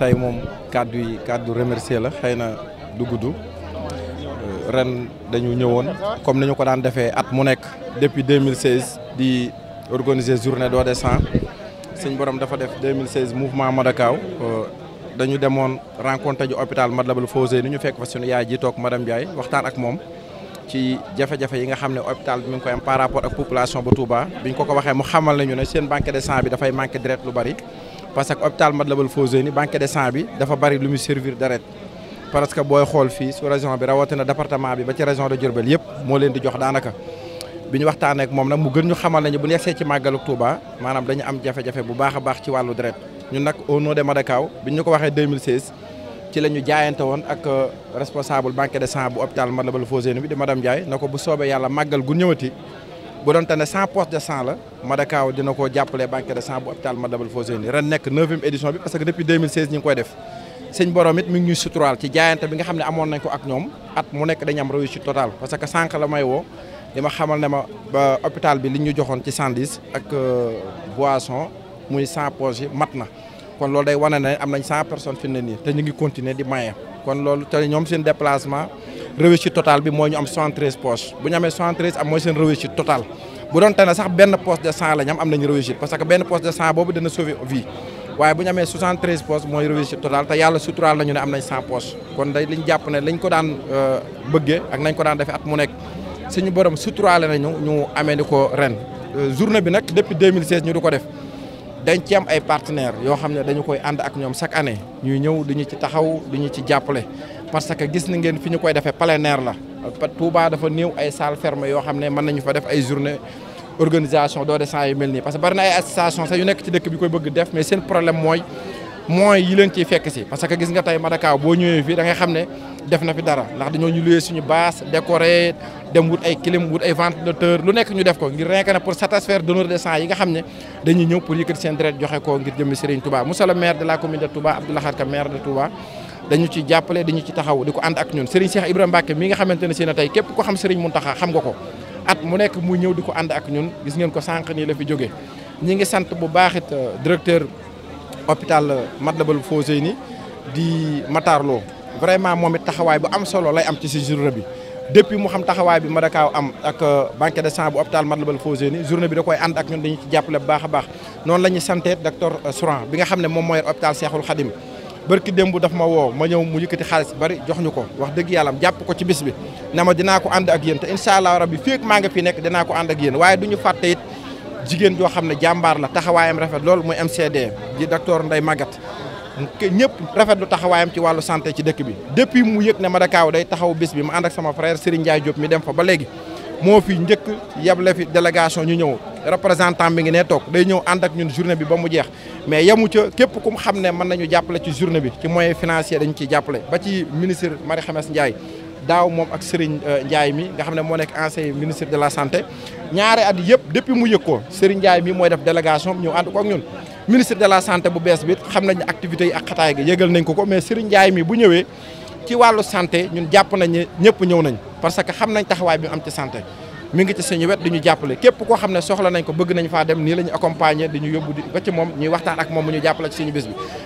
tey moom kàddu yi kàddu remercier la xëy na du gudd euh, ren dañu ñëwoon comme ni ñu ko daan defee at mu nekk depuis 2016 di organiser journée don de sang suñ borom dafa def 2016 mouvement Madakaw euh, dañu demoon rencontre ji hôpital Matlaboul Fawzeyni ñu fekk fa suñu yaay ji toog madame Ndiaye waxtaan ak moom ci jafe-jafe yi nga xam ne hôpital bi mi ngi koy am par rapport ak population ba Touba bi ñu ko ko waxee mu xamal nañu ne seen banque de sang bi dafay manqué direct lu bari parce que hôpital Matlaboul Fawzeyni banque de sang bi dafa bari lu muy servir deret parce que booy xool fii su région bi rawatina département bi ba ci région de Diourbel yëpp moo leen di jox daanaka bi ñu waxtaanee ak moom nag mu gën ñu xamal nañu bu ñu yegsee ci màggalu Touba maanaam dañu am jafe-jafe bu baax a baax ci wàllu deret ñun nag au nom de Madakaw bi ñu ko waxee 2016 ci la ñu jaayante woon ak euh, responsable banque de sang bu hôpital Matlaboul Fawzeyni bi di madame na ko bu soobee yàlla màggal gu ñëwati bu doon te ne cent poches de sang la Madakaw dina ko jàppale banque de sang bu hôpital Matlaboul Fawzeyni ren nekk neuvième édition bi parce que depuis 2016 ñu koy def sëñ borom it ngi suturaal ci jaayante bi nga xam ne amoon nañ ko ak ñoom at mu nekk dañu am réussite totale parce que sànq la may woo di ma xamal ne ma hôpital bi li ñu joxoon ci sandis ak euh, boisson muy cent poches yi mat na kon loolu day wane ne am nañ cent personne fi ne nii te ñu ngi continuer di maye kon loolu ñoom seen déplacement réussite totale bi mooy ñu am 73 poches bu ñu amee 73 am mooy seen bu doon tane sax benn poche de 100 la ñu am am nañu réussite parce que benn poche de 100 boobu dana sauver vie waaye bu ñu amee 73 poches mooy réussite totale te yàlla suturaal nañu ne am nañ 100 poches kon day liñ jàpp ne lañ ko daan euh, bëggee ak nañ ko daan defee at mu nekk suñu borom suturaale nañu ñu amee ni ko ren. Euh, journée bi nag depuis 2016 ñu du ko def dañ ci am ay partenaires yoo xam ne dañu koy ànd ak ñoom chaque année ñuy ñëw di ci taxaw di ñu ci jàppale. parce que gis na ngeen fi ñu koy defee plein air la Touba dafa néew ay salle ferme yoo xam ne mën nañu fa def ay journée organisation doo de sang yu mel nii parce que bari na ay association sax yu nekk ci dëkk bi koy bëgg def mais seen problème mooy mooy yi leen ciy fekk si parce que gis nga tey Madakaw boo ñëwee fii da ngay xam ne def na fi dara ndax dañoo ñu luyee suñu base décoré dem wut ay clim wut ay ventilateur lu nekk ñu def ko ngir rien que ne pour satisfaire donneur de sang yi nga xam ne dañuy dañu ci jàppale dañu ci taxaw di ko ànd ak ñun Serigne Cheikh Ibrahima Mbacke mi nga xamante ne si ne tey képp ko xam Serigne Mountakha xam nga ko at mu nekk mu ñëw di ko ànd ak ñun gis ngeen ko sànq nii la fi jógee ñi ngi sant bu baaxit euh, directeur hôpital euh, Matlaboul Fawzeyni di Matar Lo vraiment moom taxawaay bu am solo lay am ci si journée bi depuis mu xam taxawaay bi Madakaw am ak euh, banque de sang bu hôpital Matlaboul Fawzeyni journée bi da koy ànd ak ñun dañu ci jàppale bu baax a baax noonu la ñuy santee docteur Souran bi nga xam ne moom mooy hôpital Cheikhoul Khadim barki démb daf ma woo ma ñëw mu yëkkati xaalis bari jox ñu ko wax dëgg yàlla jàpp ko ci bis bi na ma dinaa ko ànd ak yéen te incha allah rabbi fii maa nga fi nekk dinaa ko ànd ak yéen waaye du ñu fàtte it jigéen joo xam ne jàmbaar la taxawaayam rafet loolu muy MCD di docteur Ndeye Maguette ñëpp rafet lu taxawaayam ci wàllu santé ci dëkk bi depuis mu yëg ne Madakaw day taxaw bis bi ma ànd ak sama frère Serigne Ndiaye Diop mi dem fa ba léegi moo fi njëkk yeble fi délégation ñu ñëw représentant mi ngi ne toog day ñëw ànd ak ñun journée bi ba mu jeex mais yamu ca képp kum xam ne mën nañu jàppale ci journée bi ci moyen financier dañu ciy jàppale ba ci ministre Marie Khemesse Ndiaye daaw moom ak Serigne euh, Ndiaye mi nga xam ne moo nekk ancien ministre de la santé ñaari at yëpp depuis mu yëg ko Serigne mi mooy def délégation ñëw ànd ko ak ñun ministre de la santé bu bees bi xam nañ activités yi ak xataay gi yëgal nañ ko ko mais Serigne Ndiaye mi bu ñëwee ci wàllu santé ñun jàpp nañ ne ñëpp ñëw nañ parce que xam nañ taxawaay bi mu am ci santé mi ngi ci suñu wet di ñu jàppale képp koo xam ne soxla nañ ko bëgg nañ faa dem nii la ñu accompagner di ñu yóbbu ba ci moom ñuy waxtaan ak moom mu ñu jàppale ci suñu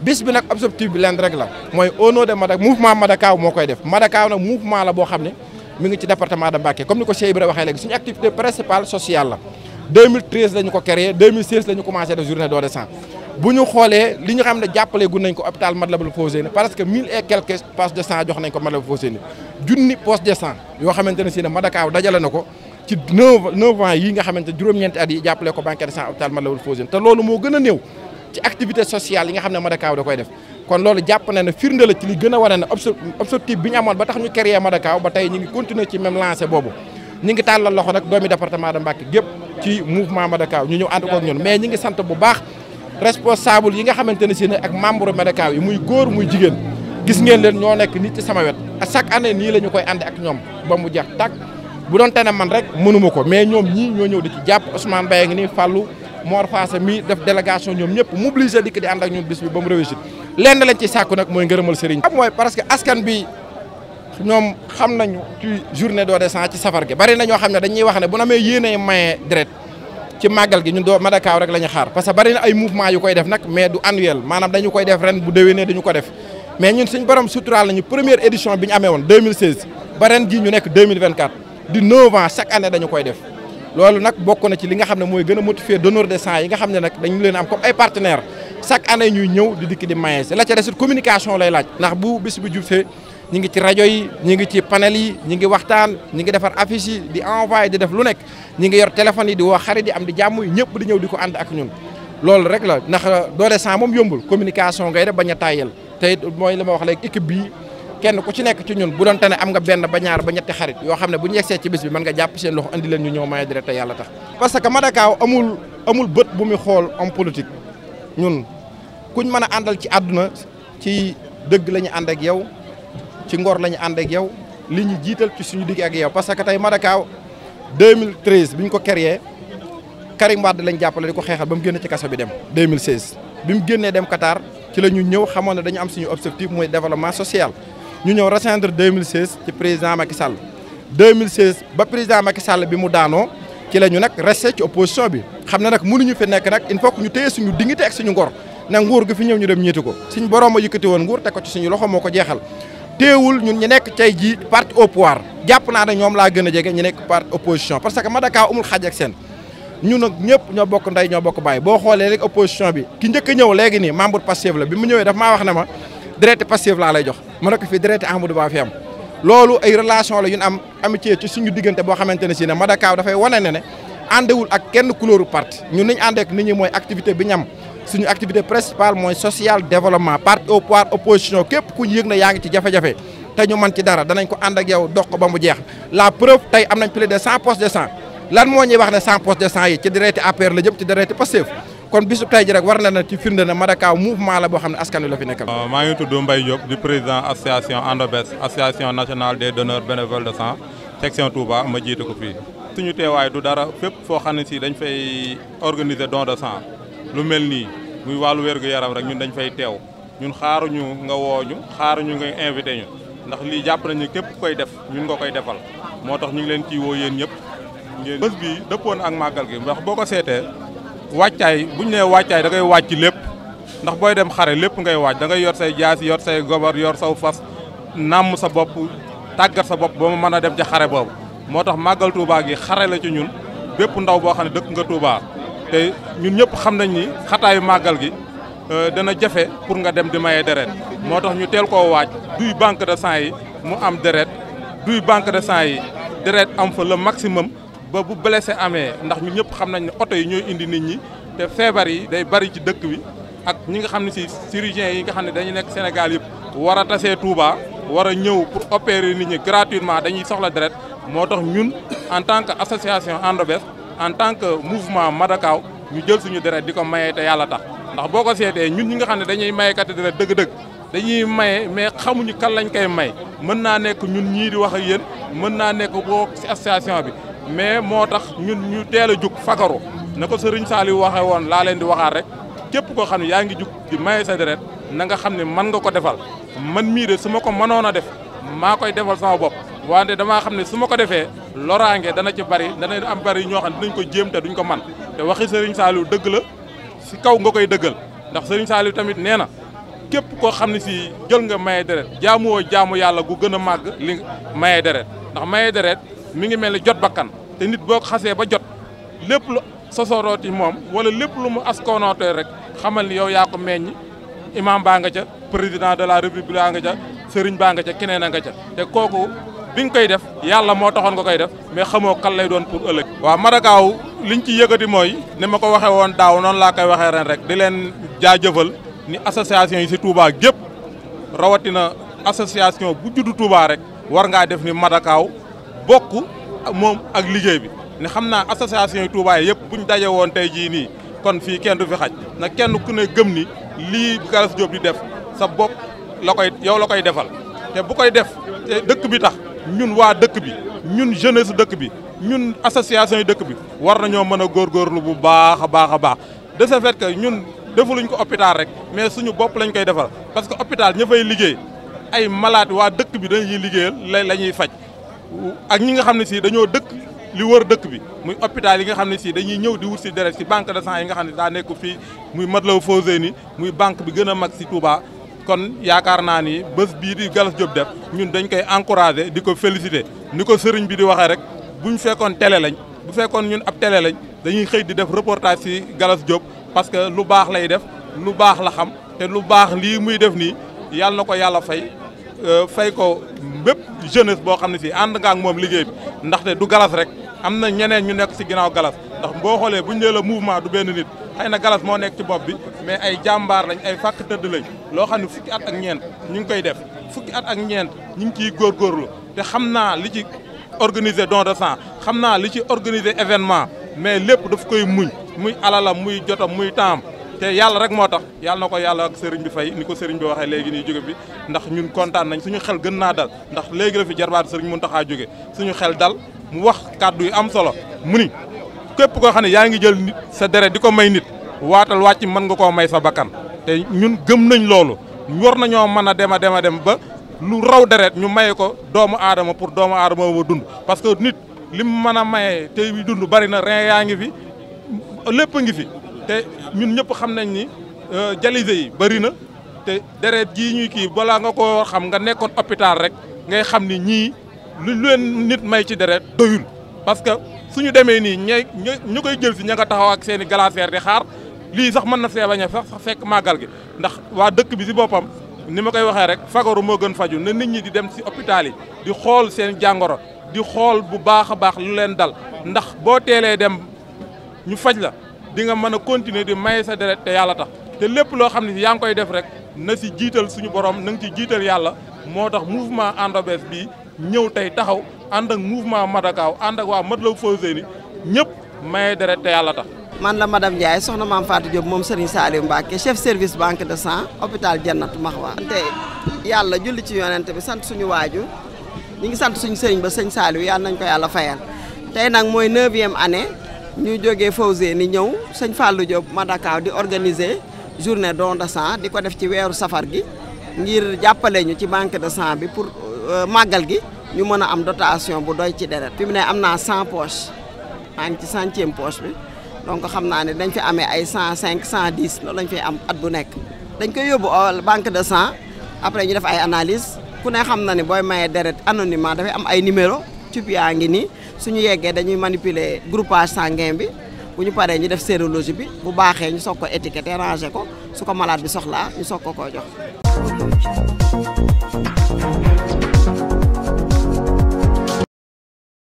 bis bi nag objectif bi leen rek la mooy au de Madaka mouvement moo koy def Madakaw nag mouvement boo xam ne ngi ci département de Mbacké comme ni ko Cheikh Ibra waxee léegi suñu activité ko créé 2016 la ñu commencé journée de sang bu ñu xoolee li ñu xam ne jàppale gu nañ ko hôpital Matlaboul Fawzeyni parce que mille et quelques xamante ne si ne Madakaw ko ci neuf neuf ans yi nga xamante juróom ñeent at yi jàppale ko banque de sang hôpital Matlaboul Fawzeyni te loolu moo gën a néew ci activité sociale yi nga xam ne Madakaw da koy def kon loolu jàpp na ne firnde la ci li gën a wane ne objectif bi ba tax ñu créé Madakaw ba tey ñu ngi continuer ci même lancé boobu ñu ngi tàllal loxo nag doomi département de Mbacké gépp ci mouvement Madakaw ñu ñëw ànd ko ñun mais ñu ngi sant bu baax responsable yi nga xamante ne si ne ak membre Madakaw muy góor muy jigéen gis ngeen leen ñoo nekk nit ci sama wet chaque année nii la ñu koy ànd ak ñoom ba mu jeex tàkk bu doon tane man rek mënuma ko mais ñoom ñii ñoo ñëw di ci jàpp Ousmane Mbaye ngi nii Fallou Mor Fassé mi def délégation ñoom ñëpp mobiliser dikk di ànd ak ñun ba mu réussir lenn lañ ci sàkku nag mooy ngërëmal Serigne. am mooy parce que askan bi ñoom xam nañu ñoo xam ne dañuy wax ne bu namee yéenee maye deret ci màggal gi ñu xaar parce que bari na ay koy def nag mais du annuel maanaam dañu koy def ren bu déwénee dañu ko def mais ñun suñ borom suturaal nañu première édition bi ñu amee woon 2016 ba ñu nekk di 9 ans chaque année dañu koy def loolu nag bokk na ci li nga xam ne mooy gën a motiver donneur de sang yi nga xam ne nag dañu leen am comme ay partenaires chaque année ñuy ñëw di dikk di maye la ca des communication lay laaj ndax bu bis bu jubsee ñi ngi ci rajo yi ñu ngi ci panel yi ñi ngi waxtaan ñi ngi defar affiche yi di envoyé di def lu nekk ñi ngi yor téléphone yi di wax xarit yi am di jàmm yi ñëpp di ñëw di ko ànd ak ñun loolu rek la ndax euh, don de moom yombul communication ngay def bañ a tàyyel te it mooy ma wax léegi équipe bii kenn ku ci nekk ci ñun bu doon ne am nga benn ba ñaar ba ñetti xarit yoo xam ne bu ñu yegsee ci bis bi mën nga jàpp seen loxo andi leen ñu ñëw maye dara te yàlla tax. parce que amul bët bu muy xool homme politique ñun kuñ mën a àndal ci àdduna ci dëgg la ñu ànd ak yow ci ngoor la ànd ak yow li ñu jiital ci suñu digg ak yow parce que tey Madakaw 2013 bi ñu ko créé Karim Wade lañ jàppale di ko xeexal ba mu génn ci kaso bi dem 2016 bi mu génnee dem Qatar ci la ñu ñëw xamoon ne dañu am suñu objectif mooy développement social. ñu ñëw rejoindre 2016 ci président Macky Sall 2016 ba président Macky Sall bi mu daanoo ci la ñu nag resté opposition bi xam ne munu ñu fi nekk nag il faut que ñu téye suñu dignité ak suñu ngor na nguur gi fi ñëw ñu dem ñeeti ko suñu borom a yëkkati woon nguur te ko ci suñu loxo moo ko jeexal. teewul ñun ñu nekk tey jii parti au pouvoir jàpp naa ne ñoom laa gën a jege ñu nekk parti opposition parce que Madaka amul xaaj ak seen ñun nag ñëpp bokk ndey ñoo bokk boo xoolee rek opposition bi ki njëkk ñëw léegi nii membre Pastef bi mu ñëwee daf maa wax ne deret Pastef laa lay jox ma ne ko fii deret Amadou Ba fi am loolu ay relation la yu ñu am amitié ci suñu diggante boo xamante ne si ne Madakaw dafay wane ne ne àndewul ak kenn couleur parti ñun niñ àndee ak nit mooy activité bi ñam suñu activité principale mooy social développement parti au pouvoir opposition képp ku yëg na yaa ngi ci jafe-jafe te ñu mën ci dara danañ ko ànd ak yow dox ko ba mu jeex la preuve tey am nañ plus de cent postes de cent wax ne cent postes de cent la jëm ci dereeti Pastef kon bisu tey ji rek war na na ci firnde na Madakaw mouvement la boo xam ne askan wi la fi nekkal. Euh, maa ngi tudd Mbaye Diop di président association Andobes association nationale des donneurs bénévoles de sang section Touba ma jiite ko fii. suñu teewaay du dara fépp foo xam ne si dañ fay organiser don de sang lu mel nii muy wàllu wérgu yaram rek ñun dañ fay teew ñun xaaruñu nga wooñu xaaruñu nga invité ñu ndax lii jàpp nañu képp koy def ñun nga koy defal moo tax ñu ngi leen ciy woo yéen ñëpp. bi dëppoon ak màggal gi wax boo ko seetee. wàccaay bu ñu nee wàccaay da ngay wàcc lépp ndax booy dem xare lépp ngay wàcc da ngay yor say jaas yor say gobar yor saw fas nàmm sa bopp tàggat sa bopp boo mu mën a dem ca xare boobu moo tax màggal Touba gi xare la ci ñun bépp ndaw boo xam ne dëkk nga Touba te ñun ñëpp xam nañ ni xataayu màggal gi euh, dana jafe pour nga dem di maye deret moo tax ñu teel koo waaj duy banque de sang yi mu am deret duy banque de sang yi deret am fa la maximum ba bu blessé amee ndax ñu ñëpp xam nañ ne oto yi ñooy indi nit ñi te feebar yi day bari ci dëkk bi ak ñi nga xam ne si chirurgiens yi nga xam ne dañu nekk Sénégal yëpp war a tasee Touba war a ñëw pour opérer nit ñi gratuitement dañuy soxla deret moo tax ñun en tant que association Ando Bess en tant que mouvement Madakaw ñu jël suñu deret di ko maye te yàlla tax ndax boo ko seetee ñun ñi nga xam ne dañuy mayekati deret dëgg-dëgg dañuy maye mais xamuñu kan lañ koy may mën naa nekk ñun ñii di wax yéen mën naa nekk boo ci association bi mais moo tax ñun ñu teel a jug fagaru na ko sëriñ saaliw waxee woon laa leen di waxaat rek képp koo xam ne yaa ngi jug di maye sa deret na nga xam ne man nga ko defal man mii de su ma ko mënoon a def maa koy defal sama bopp wante damaa xam ne su ma ko defee loraange dana ci bari dana am bari ñoo xam ne ko jéem te duñu ko man te waxi sëriñ Saliou dëgg la si kaw nga koy dëggal ndax sëriñ Saliou tamit nee na képp koo xam ne si jël nga maye deret jaamuwoo jaamu yàlla gu gën a màgg li maye deret ndax maye deret mi ngi mel ni jot bakkan te nit boo xasee ba jot lépp lu sosorooti moom wala lépp lu mu askonootee rek xamal ni yow yaa ko meññ imam baa nga ca président de la république baa nga ca sëriñ baa nga ca keneen a nga ca te kooku bi nga koy def yàlla moo taxoon nga koy def mais xamoo kan lay doon pour ëllëg. waaw Madakaw liñ ci yëkkati mooy ni ma ko waxee woon daaw noon laa koy waxee ren rek di leen jaajëfal ni association yi si Touba gépp rawatina association bu juddu tuubaa rek war ngaa def ni Madakaw bokk. moom ak liggéey bi ne xam naa association yi Touba yëpp buñ dajee daje woon tey jii nii kon fii kenn du fi xaj na kenn ku ne gëm ni lii Galass Diop di def sa bopp la koy yow la koy defal te bu koy def te dëkk bi tax ñun waa dëkk bi ñun jeunesse dëkk bi ñun association yi dëkk bi war nañoo mën a góor góorgóorlu bu baax a baax a baax de ce fait que ñun defuluñ ko hôpital rek mais suñu bopp lañ koy defal parce que hôpital ña fay liggéey ay malade waa dëkk bi dañuy liggéeyal la la ñuy faj ak ñi nga xam ne sii dañoo dëkk li wër dëkk bi muy hôpital yi nga xam ne sii dañuy ñëw di wut si deret si banque de sang yi nga xam ne daa nekk fii muy Matlaboul Fawzeyni muy banque bi gën a mag si Touba. kon yaakaar naa ni bés bii di Gallas Diop def ñun dañ koy encouragé di ko félicité ni ko sëriñ bi di waxee rek bu ñu fekkoon télé lañ bu fekkoon ñun ab télé lañ dañuy xëy di def reportage si Gallas Diop parce que lu baax lay def lu baax la xam te lu baax lii muy def nii yàlla na ko yàlla fay. Euh, fay ko bépp jeunesse boo xam ne si ànd nga ak moom liggéey bi ndaxte du galas rek am na ñeneen ñu nekk si ginnaaw galas ndax boo xoolee bu ñu nee la mouvement du benn nit xëy na galas moo nekk ci bopp bi mais ay jàmbaar lañ ay fàkk tëdd lañ loo xam ne fukki at ak ñeent ñu ngi koy def fukki at ak ñeent ñu ngi ciy góorgóorlu te xam naa li ci organiser don de sang xam naa li ci organiser événement mais lépp dafa koy muñ muy alalam muy jotam muy taam te yàlla rek moo tax yàlla na ko yàlla ak sëriñ bi fay ni ko sëriñ bi waxee léegi ni jóge bi ndax ñun kontaan nañ suñu xel gën naa dal ndax léegi la fi jarbaat sëriñ Muntaxa jóge suñu xel dal mu wax kàddu yu am solo mu ni képp koo xam ne yaa ngi jël nit sa deret di ko may nit waatal wàcc mën nga koo may sa bakkan te ñun gëm nañ loolu war nañoo mën a dem a dem a dem ba lu raw deret ñu maye ko doomu aadama pour doomu aadama ba dund parce que nit li mu mën a maye tey bi dund bari na rein yaa ngi fi lépp a ngi fi te ñun ñëpp xam nañ ni euh, dialyse yi bëri na te deret jii ñuy kii balaa nga ko xam nga nekkoon hôpital rek ngay xam ni ñii lu leen nit may ci deret doyul. parce que ñu demee nii ñu koy jël si ña nga taxaw ak seen i glacière di xaar lii sax mën na see bañ a sax fekk màggal gi ndax waa dëkk bi si boppam. ni ma koy waxee rek fagaru moo gën faju na nit ñi di dem si hôpital yi di xool seen jàngoro di xool bu baax a baax lu leen dal ndax boo teelee dem ñu faj la di nga mën a continuer di maye sa deret te yàlla tax te lépp loo xam ne yaa ngi koy def rek na si jiital suñu borom na nga ci jiital yàlla moo tax mouvement Ando Bess bii ñëw tey taxaw ànd ak mouvement Madakaw ànd ak waa Matlaboul Fawzeyni ñëpp maye deret te yàlla tax. man la madame Ndiaye soxna maam faat Diop moom Serigne Saliou Mbacke chef service banque de san sang hôpital Jannatu Mahwa. te yàlla julli ci yonent bi sant suñu waaju ñu ngi sant suñu sëriñ ba sëñ Saliou yàlla nañ ko yàlla fayal ñu jógee Fawzé ni ñëw sëñ Fallou ma Madakaw di organiser journée don de sang di ko def ci weeru safar gi ngir jàppale ñu ci banque de sang bi pour euh, màggal gi ñu mën a am dotation bu doy ci deret fi mu ne am naa 100 poche maa ngi ci poche bi donc xam naa ne dañ fi amee ay 105 110 loolu lañ fi am at bu nekk dañ koy yóbbu banque de sang après ñu def ay analyse ku ne xam na ne booy mayee deret anonymement dafay am ay numéro ci yaa ngi nii su ñu yeggee dañuy manipuler groupage sanguin bi bu ñu paree ñu def sérologie bi bu baaxee ñu soog ko étiqueter ranger ko su ko malaat bi soxlaa ñu soog ko koo jox.